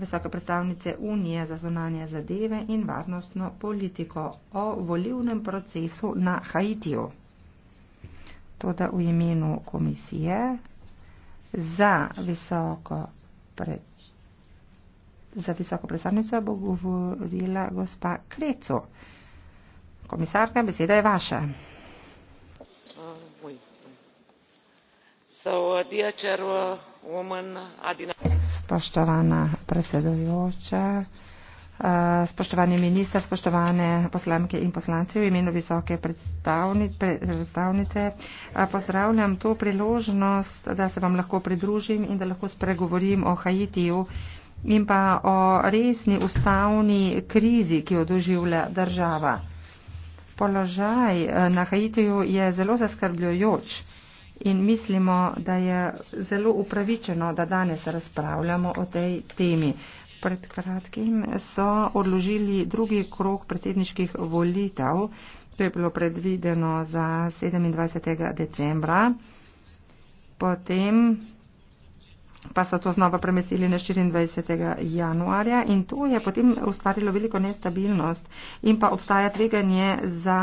visoke predstavnice Unije za zonanje zadeve in varnostno politiko o volivnem procesu na Haitiju. Toda v imenu komisije za visoko, pred, za visoko predstavnico bo govorila gospa Krecu. Komisarka, beseda je vaša. Uh, so, uh, dear chairwoman Adina spoštovana predsedujoča, eh, spoštovani minister, spoštovane poslanke in poslanci v imenu visoke predstavnice. Eh, pozdravljam to priložnost, da se vam lahko pridružim in da lahko spregovorim o Haitiju in pa o resni ustavni krizi, ki jo doživlja država. Položaj eh, na Haitiju je zelo zaskrbljujoč in mislimo, da je zelo upravičeno, da danes razpravljamo o tej temi. Pred kratkim so odložili drugi krok predsedniških volitev, to je bilo predvideno za 27. decembra, potem pa so to znova premestili na 24. januarja in to je potem ustvarilo veliko nestabilnost in pa obstaja tveganje za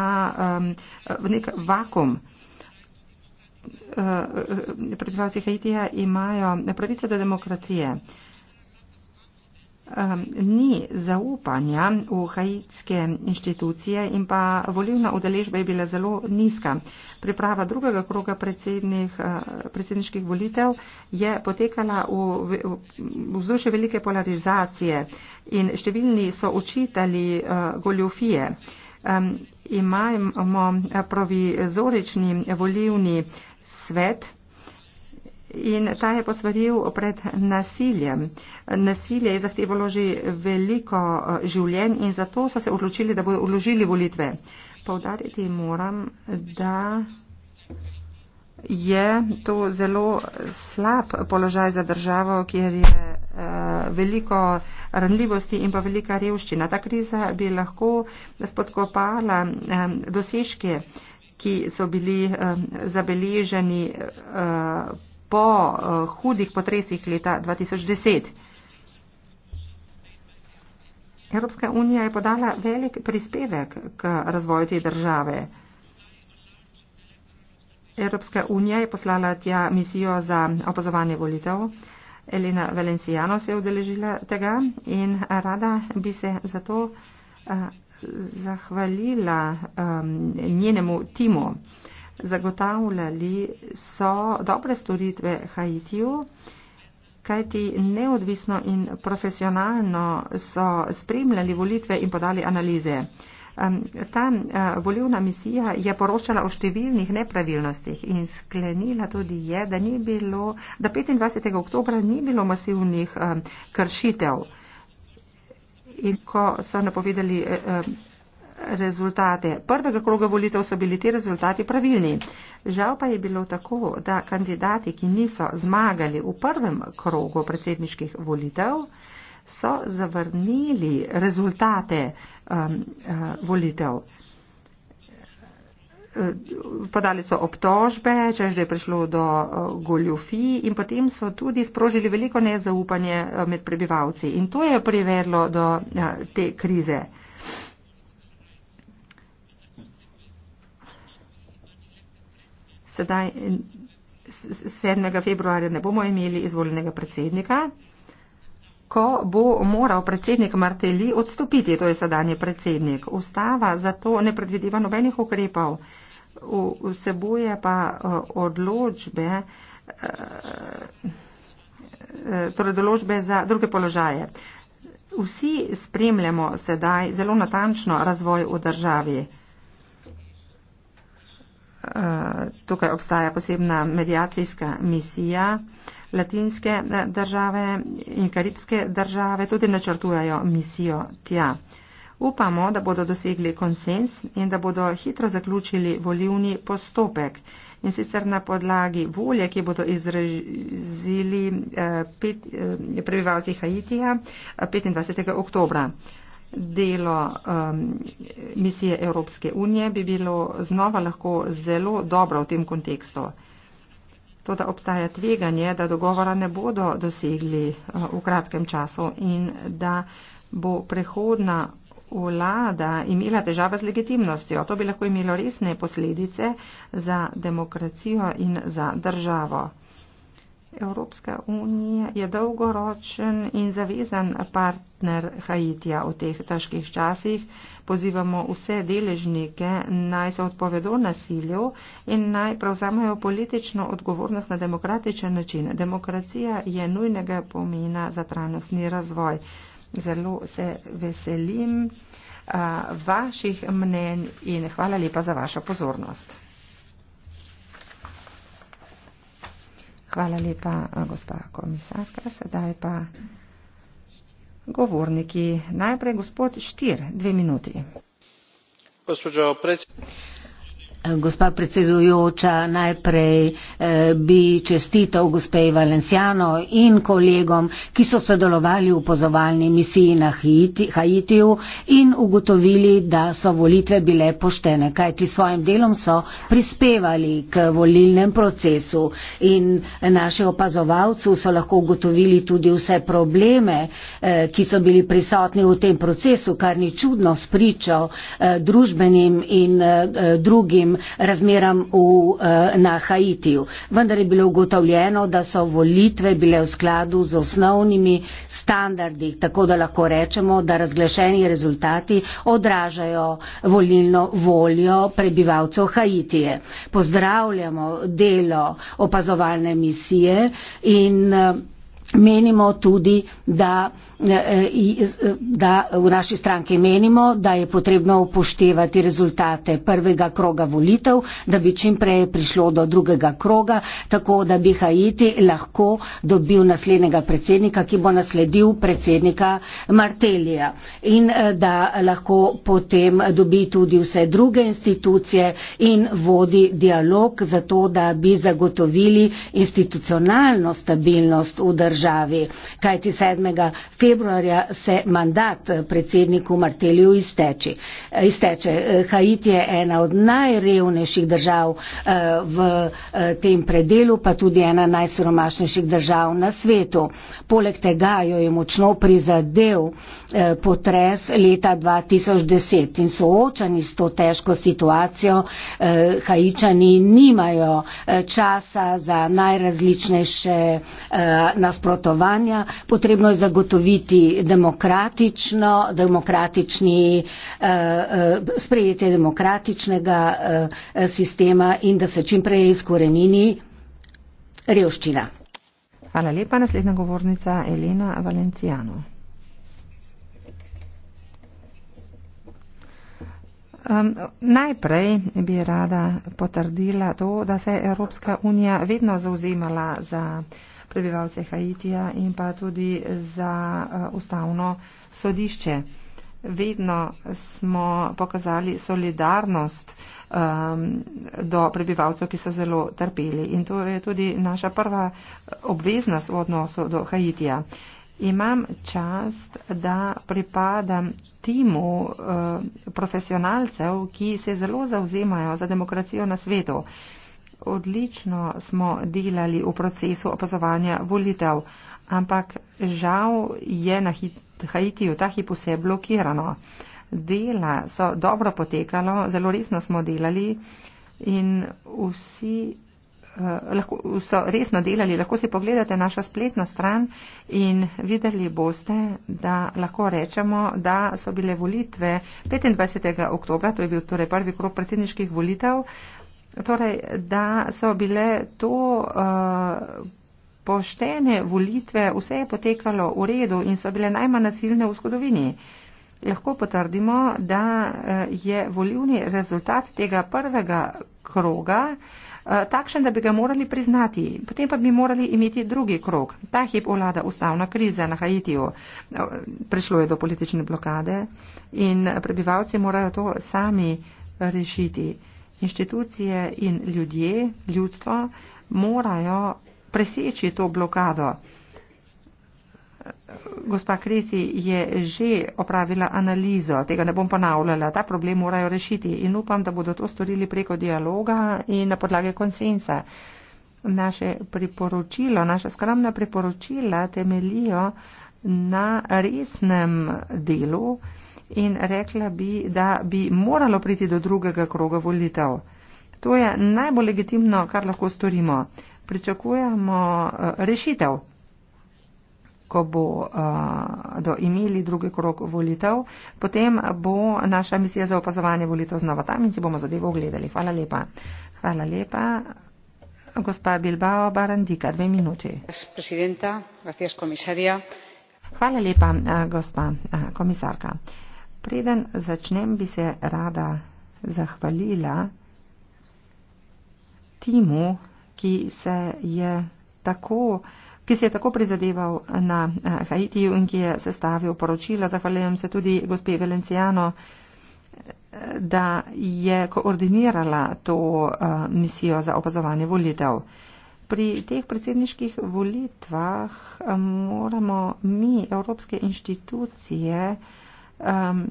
um, nek vakum. Eh, eh, prebivalci Haitija imajo pravico do demokracije. Eh, ni zaupanja v haitske inštitucije in pa volivna udeležba je bila zelo nizka. Priprava drugega kroga predsedniških volitev je potekala v vzdušju velike polarizacije in številni so očitali goljofije. Imamo provizorični volivni svet in ta je posvaril pred nasiljem. Nasilje je zahtevalo že veliko eh, življenj in zato so se odločili, da bodo odložili volitve. Povdariti moram, da je to zelo slab položaj za državo, kjer je eh, veliko ranljivosti in pa velika revščina. Ta kriza bi lahko spodkopala eh, dosežke ki so bili zabeleženi eh, po eh, hudih potresih leta 2010. Evropska unija je podala velik prispevek k razvoju te države. Evropska unija je poslala tja misijo za opazovanje volitev. Elena Valenciano se je udeležila tega in rada bi se zato eh, zahvalila um, njenemu timu. Zagotavljali so dobre storitve Haitiju, kajti neodvisno in profesionalno so spremljali volitve in podali analize. Um, ta uh, volivna misija je poročala o številnih nepravilnostih in sklenila tudi je, da, bilo, da 25. oktobra ni bilo masivnih um, kršitev in ko so napovedali eh, eh, rezultate. Prvega kroga volitev so bili ti rezultati pravilni. Žal pa je bilo tako, da kandidati, ki niso zmagali v prvem krogu predsedniških volitev, so zavrnili rezultate um, uh, volitev podali so obtožbe, čež da je prišlo do eh, goljofij in potem so tudi sprožili veliko nezaupanje eh, med prebivalci in to je privedlo do eh, te krize. Sedaj 7. februarja ne bomo imeli izvoljenega predsednika ko bo moral predsednik Marteli odstopiti, to je sedanje predsednik. Ustava zato ne predvideva nobenih ukrepov vsebuje pa eh, odločbe, eh, eh, torej določbe za druge položaje. Vsi spremljamo sedaj zelo natančno razvoj v državi. Tukaj obstaja posebna medijacijska misija. Latinske države in karibske države tudi načrtujajo misijo tja. Upamo, da bodo dosegli konsens in da bodo hitro zaključili volivni postopek in sicer na podlagi volje, ki bodo izrazili eh, eh, prebivalci Haitija 25. Eh, oktobra. Delo eh, misije Evropske unije bi bilo znova lahko zelo dobro v tem kontekstu. To, da obstaja tveganje, da dogovora ne bodo dosegli eh, v kratkem času in da bo prehodna vlada imela težave z legitimnostjo. To bi lahko imelo resne posledice za demokracijo in za državo. Evropska unija je dolgoročen in zavezan partner Haitija v teh težkih časih. Pozivamo vse deležnike naj se odpovedo nasilju in naj prevzamejo politično odgovornost na demokratičen način. Demokracija je nujnega pomena za trajnostni razvoj zelo se veselim a, vaših mnen in hvala lepa za vašo pozornost. Hvala lepa, gospa komisarka. Sedaj pa govorniki. Najprej gospod Štir, dve minuti. Gospodžo predsednik. Gospa predsedujoča, najprej eh, bi čestital gospe Valenciano in kolegom, ki so sodelovali v pozovalni misiji na Haitiju in ugotovili, da so volitve bile poštene, kajti svojim delom so prispevali k volilnem procesu. In naši opazovalci so lahko ugotovili tudi vse probleme, eh, ki so bili prisotni v tem procesu, kar ni čudno spričo eh, družbenim in drugim trenutnim razmeram v, eh, na Haitiju. Vendar je bilo ugotovljeno, da so volitve bile v skladu z osnovnimi standardi, tako da lahko rečemo, da razglašeni rezultati odražajo volilno voljo prebivalcev Haitije. Pozdravljamo delo opazovalne misije in eh, menimo tudi, da E, e, e, da v naši stranki menimo, da je potrebno upoštevati rezultate prvega kroga volitev, da bi čim prej prišlo do drugega kroga, tako da bi Haiti lahko dobil naslednjega predsednika, ki bo nasledil predsednika Martelija in da lahko potem dobi tudi vse druge institucije in vodi dialog za to, da bi zagotovili institucionalno stabilnost v državi februarja se mandat predsedniku Marteliju izteče. izteče. Haiti je ena od najrevnejših držav eh, v eh, tem predelu, pa tudi ena najsiromašnejših držav na svetu. Poleg tega jo je močno prizadel eh, potres leta 2010 in soočani s to težko situacijo Haičani nimajo časa za najrazličnejše nasprotovanja. Potrebno je zagotoviti biti demokratično, demokratični, eh, eh, sprejetje demokratičnega eh, sistema in da se čim prej izkorenini revščina. Hvala lepa. Naslednja govornica Elena Valencijano. Um, najprej bi rada potrdila to, da se je Evropska unija vedno zauzemala za uh, prebivalce Haitija in pa tudi za eh, ustavno sodišče. Vedno smo pokazali solidarnost um, do prebivalcev, ki so zelo trpeli in to je tudi naša prva eh, obveznost v odnosu do Haitija. Imam čast, da pripadam timu uh, profesionalcev, ki se zelo zauzemajo za demokracijo na svetu. Uh, odlično smo delali v procesu opazovanja volitev, ampak žal je na Haitiju ta hip vse blokirano. Dela so dobro potekalo, zelo resno smo delali in vsi uh, lahko, so resno delali. Lahko si pogledate našo spletno stran in videli boste, da lahko rečemo, da so bile volitve 25. oktobra, to je bil torej prvi krok predsedniških volitev, uh, Torej, da so bile to uh, poštene volitve, vse je potekalo v redu in so bile najmanj nasilne v zgodovini. Lahko potrdimo, da eh, je volivni rezultat tega prvega kroga eh, takšen, da bi ga morali priznati. Potem pa bi morali imeti drugi krog. Ta hip vlada ustavna kriza na Haitiju. Prišlo je do politične blokade in prebivalci morajo to sami rešiti inštitucije in ljudje, ljudstvo, morajo preseči to blokado. Gospa Kresi je že opravila analizo, tega ne bom ponavljala, ta problem morajo rešiti in upam, da bodo to storili preko dialoga in na podlage konsensa. Naše priporočilo, naša skromna priporočila temelijo na resnem delu, in rekla bi, da bi moralo priti do drugega kroga volitev. To je najbolj legitimno, kar lahko storimo. Pričakujemo eh, rešitev, ko bodo eh, imeli drugi krok volitev, potem bo naša misija za opazovanje volitev znova tam in si bomo zadevo ogledali. Hvala lepa. Hvala lepa. Gospa Bilbao Barandika, dve minuti. Hvala lepa, eh, gospa komisarka. Preden začnem, bi se rada zahvalila timu, ki se je tako ki se je tako prizadeval na eh, Haitiju in ki je sestavil poročila. Zahvaljujem se tudi gospe Valenciano, eh, da je koordinirala to eh, misijo za opazovanje volitev. Pri teh predsedniških volitvah moramo mi, evropske inštitucije, um,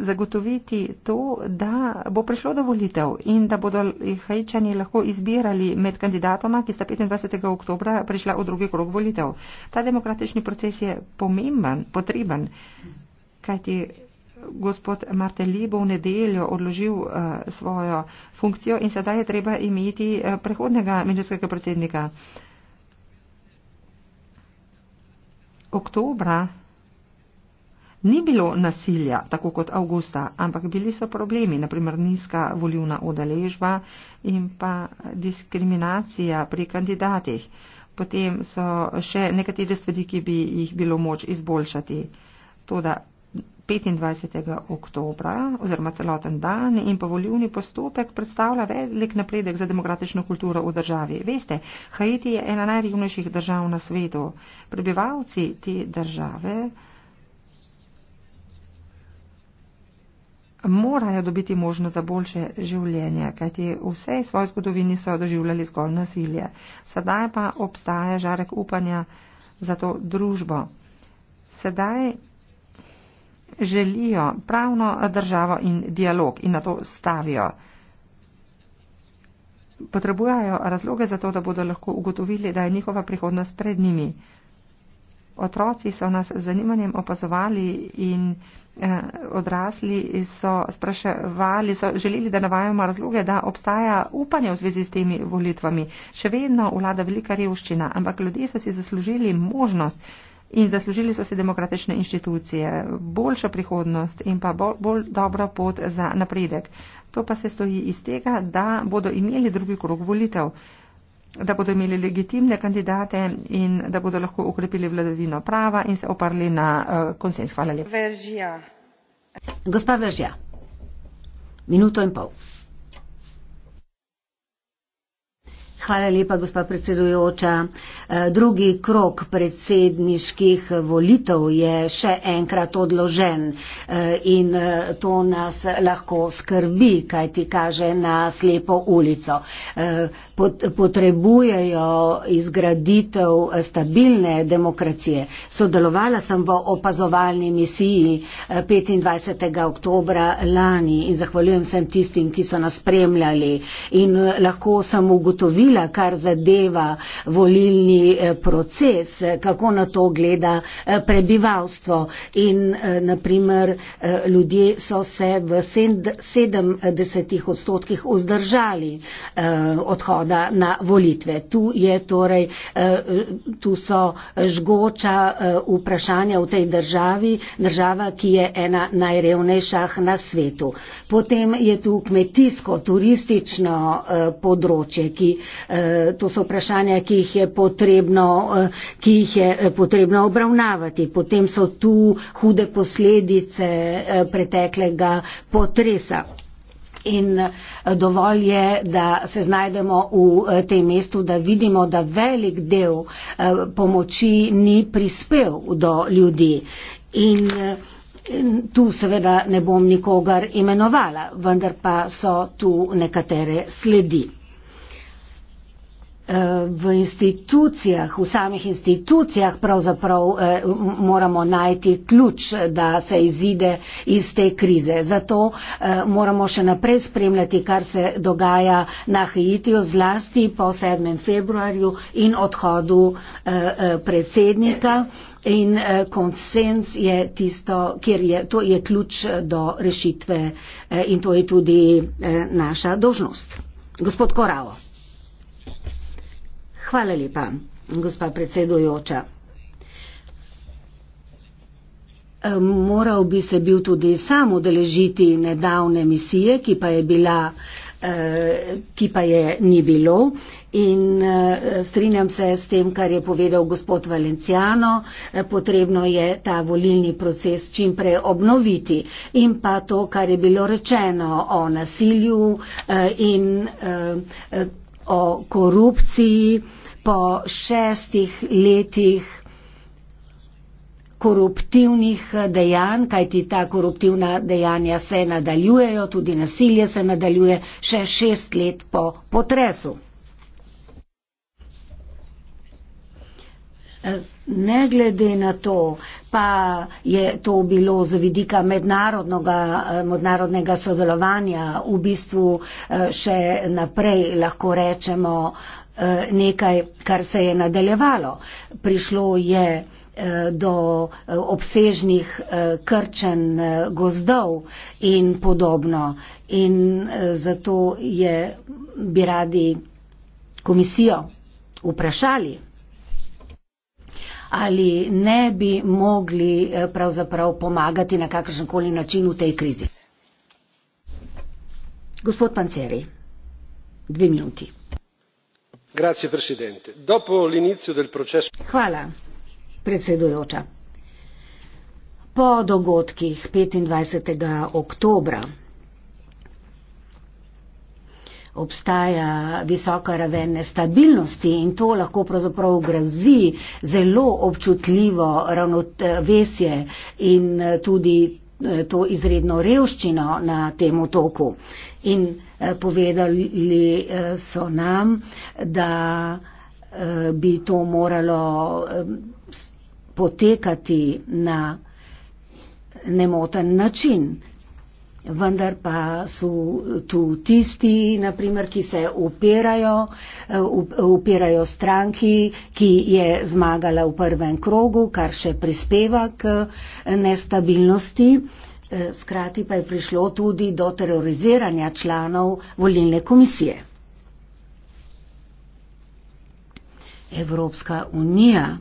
zagotoviti to, da bo prišlo do volitev in da bodo hajičani lahko izbirali med kandidatoma, ki sta 25. oktobra prišla v drugi krok volitev. Ta demokratični proces je pomemben, potreben, kajti gospod Marteli bo v nedeljo odložil uh, svojo funkcijo in sedaj je treba imeti uh, prehodnega medijskega predsednika. Oktobra Ni bilo nasilja, tako kot avgusta, ampak bili so problemi, naprimer nizka volivna odeležba in pa diskriminacija pri kandidatih. Potem so še nekatere stvari, ki bi jih bilo moč izboljšati. Toda 25. oktobra oziroma celoten dan in pa volivni postopek predstavlja velik napredek za demokratično kulturo v državi. Veste, Haiti je ena najrevnejših držav na svetu. Prebivalci te države. morajo dobiti možnost za boljše življenje, kajti vse v svoji zgodovini so doživljali zgolj nasilje. Sedaj pa obstaja žarek upanja za to družbo. Sedaj želijo pravno državo in dialog in na to stavijo. Potrebujajo razloge za to, da bodo lahko ugotovili, da je njihova prihodnost pred njimi. Otroci so nas z zanimanjem opazovali in eh, odrasli so spraševali, so želeli, da navajamo razloge, da obstaja upanje v zvezi s temi volitvami. Še vedno vlada velika revščina, ampak ljudje so si zaslužili možnost in zaslužili so si demokratične inštitucije, boljšo prihodnost in pa bolj, bolj dobro pot za napredek. To pa se stoji iz tega, da bodo imeli drugi krok volitev da bodo imeli legitimne kandidate in da bodo lahko ukrepili vladavino prava in se oprli na eh, konsens. Hvala lepa. Gospa Veržja, minuto in pol. Hvala lepa, gospa predsedujoča. E, drugi krok predsedniških volitev je še enkrat odložen e, in e, to nas lahko skrbi, kaj ti kaže na slepo ulico. Potrebujejo izgraditev stabilne demokracije. Sodelovala sem v opazovalni misiji 25. oktober lani in zahvaljujem sem tistim, ki so nas spremljali in lahko sem ugotovila, govorila, kar zadeva volilni eh, proces, kako na to gleda eh, prebivalstvo. In eh, naprimer ljudje so se v 70 odstotkih vzdržali odhoda na volitve. Tu, je, torej, tu so žgoča vprašanja v tej državi, država, ki je ena najrevnejših na svetu. Potem je tu kmetijsko, turistično področje, ki uh, Eh, to so vprašanja, ki jih, potrebno, eh, ki jih je eh, potrebno obravnavati. Potem so tu hude posledice preteklega potresa. In dovolj je, da se znajdemo v tem mestu, da vidimo, da velik del pomoči ni prispel do ljudi. In tu seveda ne bom nikogar imenovala, vendar pa so tu nekatere sledi. Eh, v institucijah, v samih institucijah pravzaprav eh, moramo najti ključ, da se izide iz te krize. Zato eh, moramo še naprej spremljati, kar se dogaja na Haitiju zlasti po 7. februarju in odhodu predsednika. In konsens je tisto, kjer je, to je ključ do rešitve in to je tudi naša dožnost. Gospod Koralo. Hvala lepa, gospa predsedujoča. Moral bi se bil tudi sam udeležiti nedavne misije, ki pa je bila, eh, ki pa je ni bilo. In eh, strinjam se s tem, kar je povedal gospod Valenciano, eh, potrebno je ta volilni proces čim prej obnoviti. In pa to, kar je bilo rečeno o nasilju in o korupciji po šestih letih koruptivnih dejanj, kajti ta koruptivna dejanja se nadaljujejo, tudi nasilje se nadaljuje še šest let po potresu. Ne glede na to, pa je to bilo z vidika mednarodnega, eh, mednarodnega sodelovanja v bistvu eh, še naprej lahko rečemo eh, nekaj, kar se je nadaljevalo. Prišlo je do obsežnih krčen gozdov in podobno. In zato je, bi radi komisijo vprašali ali ne bi mogli eh, pravzaprav pomagati na kakršen koli način v tej krizi. Gospod Panceri, dve minuti. Hvala, predsedujoča. Po dogodkih 25. oktobra obstaja visoka raven nestabilnosti in to lahko pravzaprav grozi zelo občutljivo ravnovesje in eh, tudi eh, to izredno revščino na tem otoku. In eh, povedali so nam, da bi to moralo potekati na nemoten način, vendar pa so tu tisti, naprimer, ki se upirajo, eh, upirajo stranki, ki je zmagala v prvem krogu, kar še prispeva k eh, nestabilnosti. Eh, skrati pa je prišlo tudi do teroriziranja članov volilne komisije. Evropska unija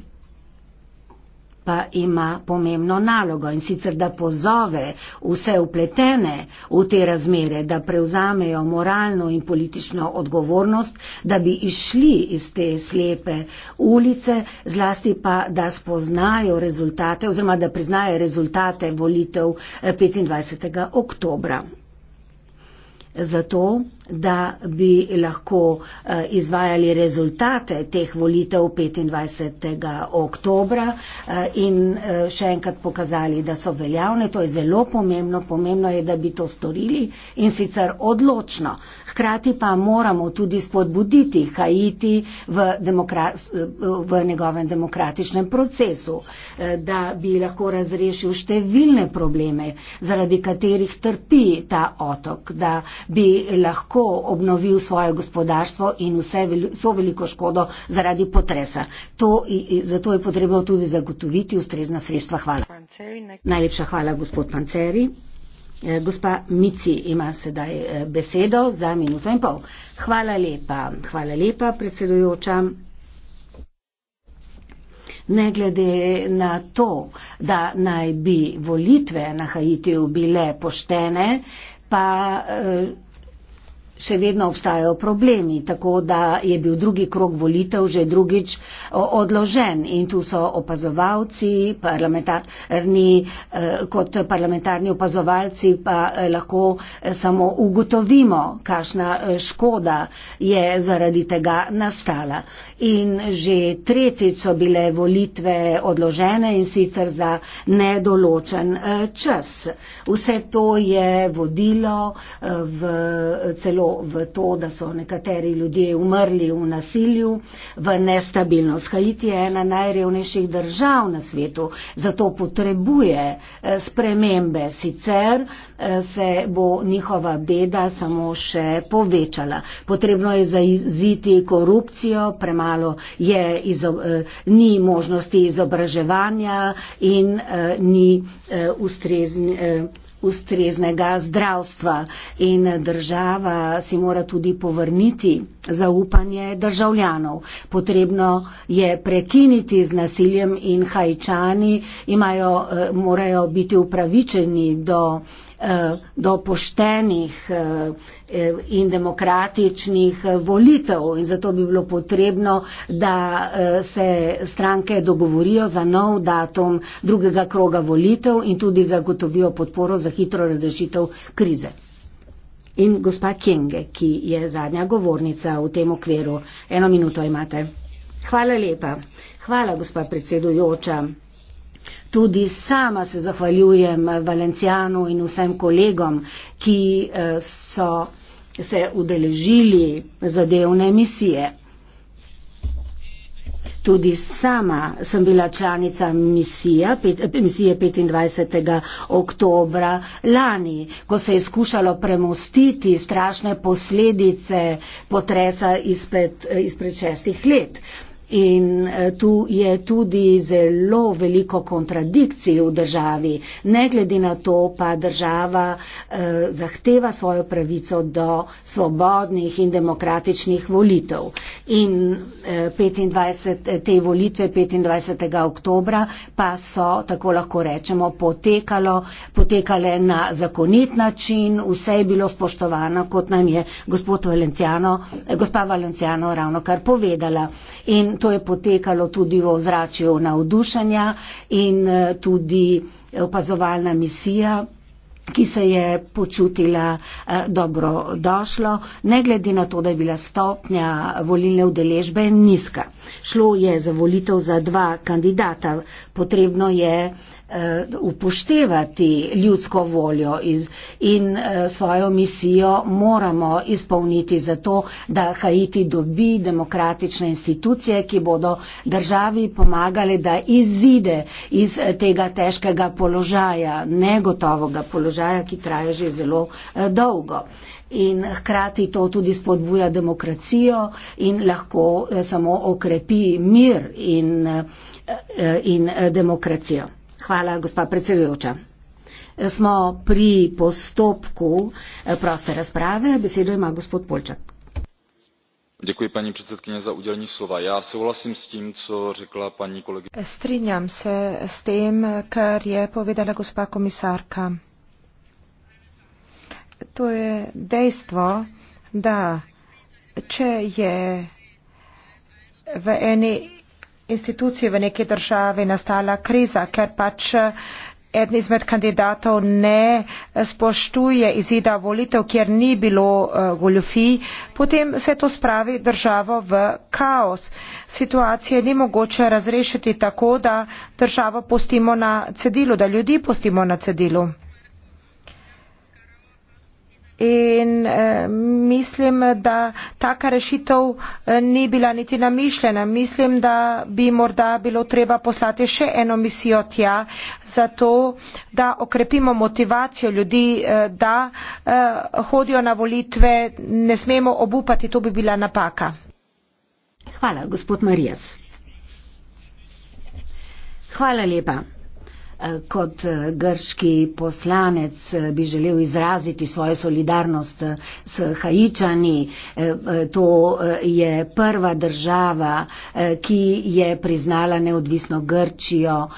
pa ima pomembno nalogo in sicer, da pozove vse upletene v te razmere, da prevzamejo moralno in politično odgovornost, da bi išli iz te slepe ulice, zlasti pa, da spoznajo rezultate oziroma da priznajo rezultate volitev 25. Eh, oktobra zato, da bi lahko eh, izvajali rezultate teh volitev 25. oktobra eh, in eh, še enkrat pokazali, da so veljavne. To je zelo pomembno. Pomembno je, da bi to storili in sicer odločno. Hkrati pa moramo tudi spodbuditi Haiti v, v njegovem demokratičnem procesu, da bi lahko razrešil številne probleme, zaradi katerih trpi ta otok, da bi lahko obnovil svoje gospodarstvo in vse, vso veliko škodo zaradi potresa. To, zato je potrebno tudi zagotoviti ustrezna sredstva. Hvala. Najlepša hvala, gospod Panceri. Eh, gospa Mici ima sedaj eh, besedo za minuto in pol. Hvala lepa, hvala lepa, predsedujoča. Ne glede na to, da naj bi volitve na Haitiju bile poštene, eh, pa eh, še vedno obstajajo problemi, tako da je bil drugi krok volitev že drugič odložen in tu so opazovalci, parlamentarni, eh, kot parlamentarni opazovalci pa eh, lahko eh, samo ugotovimo, kakšna škoda je zaradi tega nastala. In že tretjič so bile volitve odložene in sicer za nedoločen čas. Vse to je vodilo v celo v to, da so nekateri ljudje umrli v nasilju, v nestabilnost. Haiti je ena najrevnejših držav na svetu, zato potrebuje eh, spremembe, sicer eh, se bo njihova beda samo še povečala. Potrebno je zaiziti korupcijo, premalo je izob, eh, ni možnosti izobraževanja in ni ustrezni ustreznega zdravstva in država si mora tudi povrniti zaupanje državljanov. Potrebno je prekiniti z nasiljem in hajčani imajo, eh, morajo biti upravičeni do Eh, do poštenih eh, eh, in demokratičnih volitev in zato bi bilo potrebno, da se stranke dogovorijo za nov datum drugega kroga volitev in tudi zagotovijo podporo za hitro razrešitev krize. In gospa Kenge, ki je zadnja govornica v tem okviru, eno minuto imate. Hvala lepa. Hvala, gospa predsedujoča. Tudi sama se zahvaljujem Valencijanu in vsem kolegom, ki eh, so se udeležili zadevne misije. Tudi sama sem bila članica misija, pet, eh, misije 25. oktobra lani, ko se je skušalo premostiti strašne posledice potresa izpred, eh, izpred šestih let. Uh, In eh, tu je tudi zelo veliko kontradikcij v državi. Ne glede na to pa država eh, zahteva svojo pravico do svobodnih in demokratičnih volitev. In eh, 25, eh, te volitve 25. oktobra pa so, tako lahko rečemo, potekalo, potekale na zakonit način, vse je bilo spoštovano, kot nam je Valenciano, eh, gospa Valenciano ravno kar povedala. In to je potekalo tudi v ozračju navdušenja in eh, tudi opazovalna misija ki se je počutila eh, dobro došlo, ne glede na to, da je bila stopnja volilne udeležbe nizka. Šlo je za volitev za dva kandidata. Potrebno je Eh, upoštevati ljudsko voljo in eh, svojo misijo moramo izpolniti zato, da Haiti dobi demokratične institucije, ki bodo državi pomagali, da izide iz eh, tega težkega položaja, negotovega položaja, ki traja že zelo dolgo. In hkrati to tudi spodbuja demokracijo in lahko samo okrepi mir in, in demokracijo. Hvala, gospa predsedujoča. Smo pri postopku eh, proste razprave. Besedo ima gospod Polčak. Děkuji paní předsedkyně za udělení slova. Já souhlasím s tím, co řekla paní kolegy. Stříňám se s tím, kar je povedala gospa komisárka. To je dejstvo, da če je v eni institucij v neki državi nastala kriza, ker pač eh, eden izmed kandidatov ne eh, spoštuje izida volitev, kjer ni bilo eh, goljofij, potem se to spravi državo v kaos. Situacije ni mogoče razrešiti tako, da državo pustimo na cedilu, da ljudi pustimo na cedilu in eh, mislim, da taka rešitev eh, ni bila niti namišljena. Mislim, da bi morda bilo treba poslati še eno misijo tja, zato da okrepimo motivacijo ljudi, eh, da hodijo na volitve, ne smemo obupati, to bi bila napaka. Hvala, gospod Marijas. Hvala lepa kot eh, grški poslanec eh, bi želel izraziti svojo solidarnost eh, s Haičani. To je prva država, ki je priznala neodvisno Grčijo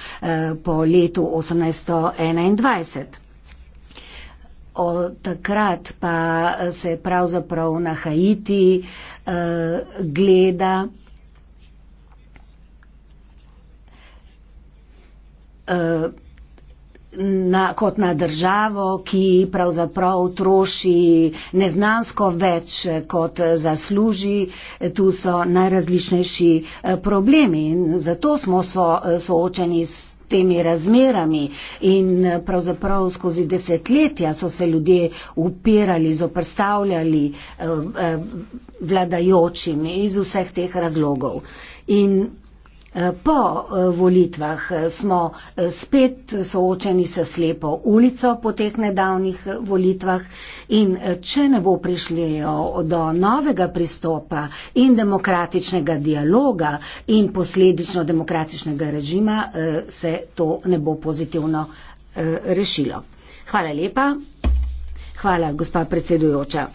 po letu 1821. Od takrat pa se pravzaprav na Haiti eh, gleda Eh, na, kot na državo, ki pravzaprav troši neznansko več, kot zasluži, tu so najrazličnejši eh, problemi in zato smo so, eh, soočeni s temi razmerami in pravzaprav skozi desetletja so se ljudje upirali, zoprstavljali vladajočimi iz vseh teh razlogov. In Po eh, volitvah eh, smo eh, spet soočeni s slepo ulico po teh nedavnih volitvah in če ne bo prišljejo do novega pristopa in demokratičnega dialoga in posledično demokratičnega režima, se to ne bo pozitivno rešilo. Hvala lepa. Hvala, gospa predsedujoča.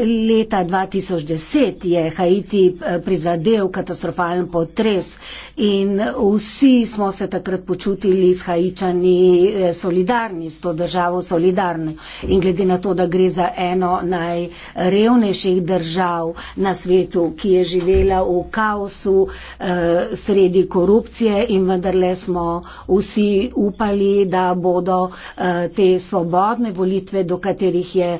Leta 2010 je Haiti eh, prizadel katastrofalen potres in vsi smo se takrat počutili s Haičani eh, solidarni, s to državo solidarni. In glede na to, da gre za eno najrevnejših držav na svetu, ki je živela v kaosu eh, sredi korupcije in vendarle smo vsi upali, da bodo te svobodne volitve, do katerih je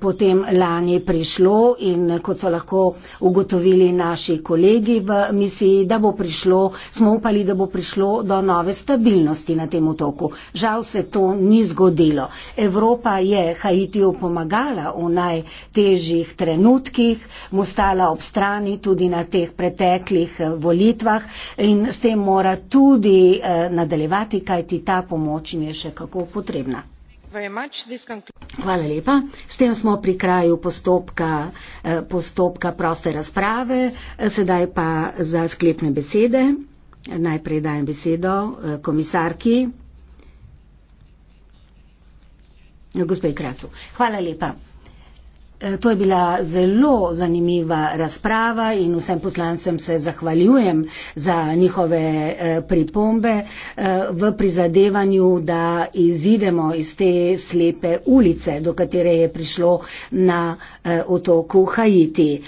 potem lani strani prišlo in kot so lahko ugotovili naši kolegi v misiji, da bo prišlo, smo upali, da bo prišlo do nove stabilnosti na tem otoku. Žal se to ni zgodilo. Evropa je Haitiju pomagala v najtežjih trenutkih, mu stala ob strani tudi na teh preteklih eh, volitvah in s tem mora tudi eh, nadaljevati, kajti ta pomoč je še kako potrebna. Hvala lepa. S tem smo pri kraju postopka, eh, postopka proste razprave. Eh, sedaj pa za sklepne besede. Najprej dajem besedo eh, komisarki. Gospod Kracu, hvala lepa. Eh, to je bila zelo zanimiva razprava in vsem poslancem se zahvaljujem za njihove eh, pripombe eh, v prizadevanju, da izidemo iz te slepe ulice, do katere je prišlo na otoku Haiti.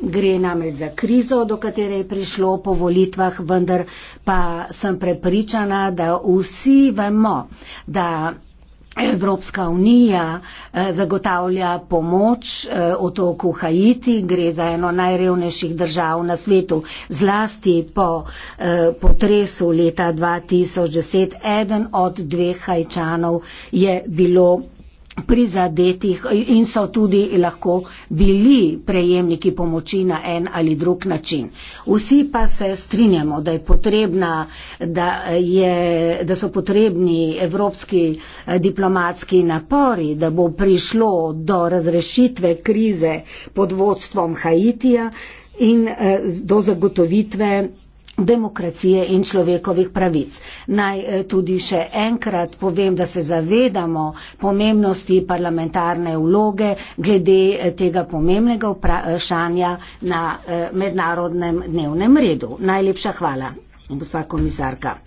Gre namreč za krizo, do katere je prišlo po volitvah, vendar pa sem prepričana, da vsi vemo, da Evropska unija eh, zagotavlja pomoč eh, otoku Haiti, gre za eno najrevnejših držav na svetu, zlasti po eh, potresu leta 2010, eden od dveh hajčanov je bilo prizadetih in so tudi lahko bili prejemniki pomoči na en ali drug način. Vsi pa se strinjamo, da, potrebna, da, je, da so potrebni evropski eh, diplomatski napori, da bo prišlo do razrešitve krize pod vodstvom Haitija in eh, do zagotovitve demokracije in človekovih pravic. Naj eh, tudi še enkrat povem, da se zavedamo pomembnosti parlamentarne vloge glede eh, tega pomembnega vprašanja na eh, mednarodnem dnevnem redu. Najlepša hvala, gospa komisarka.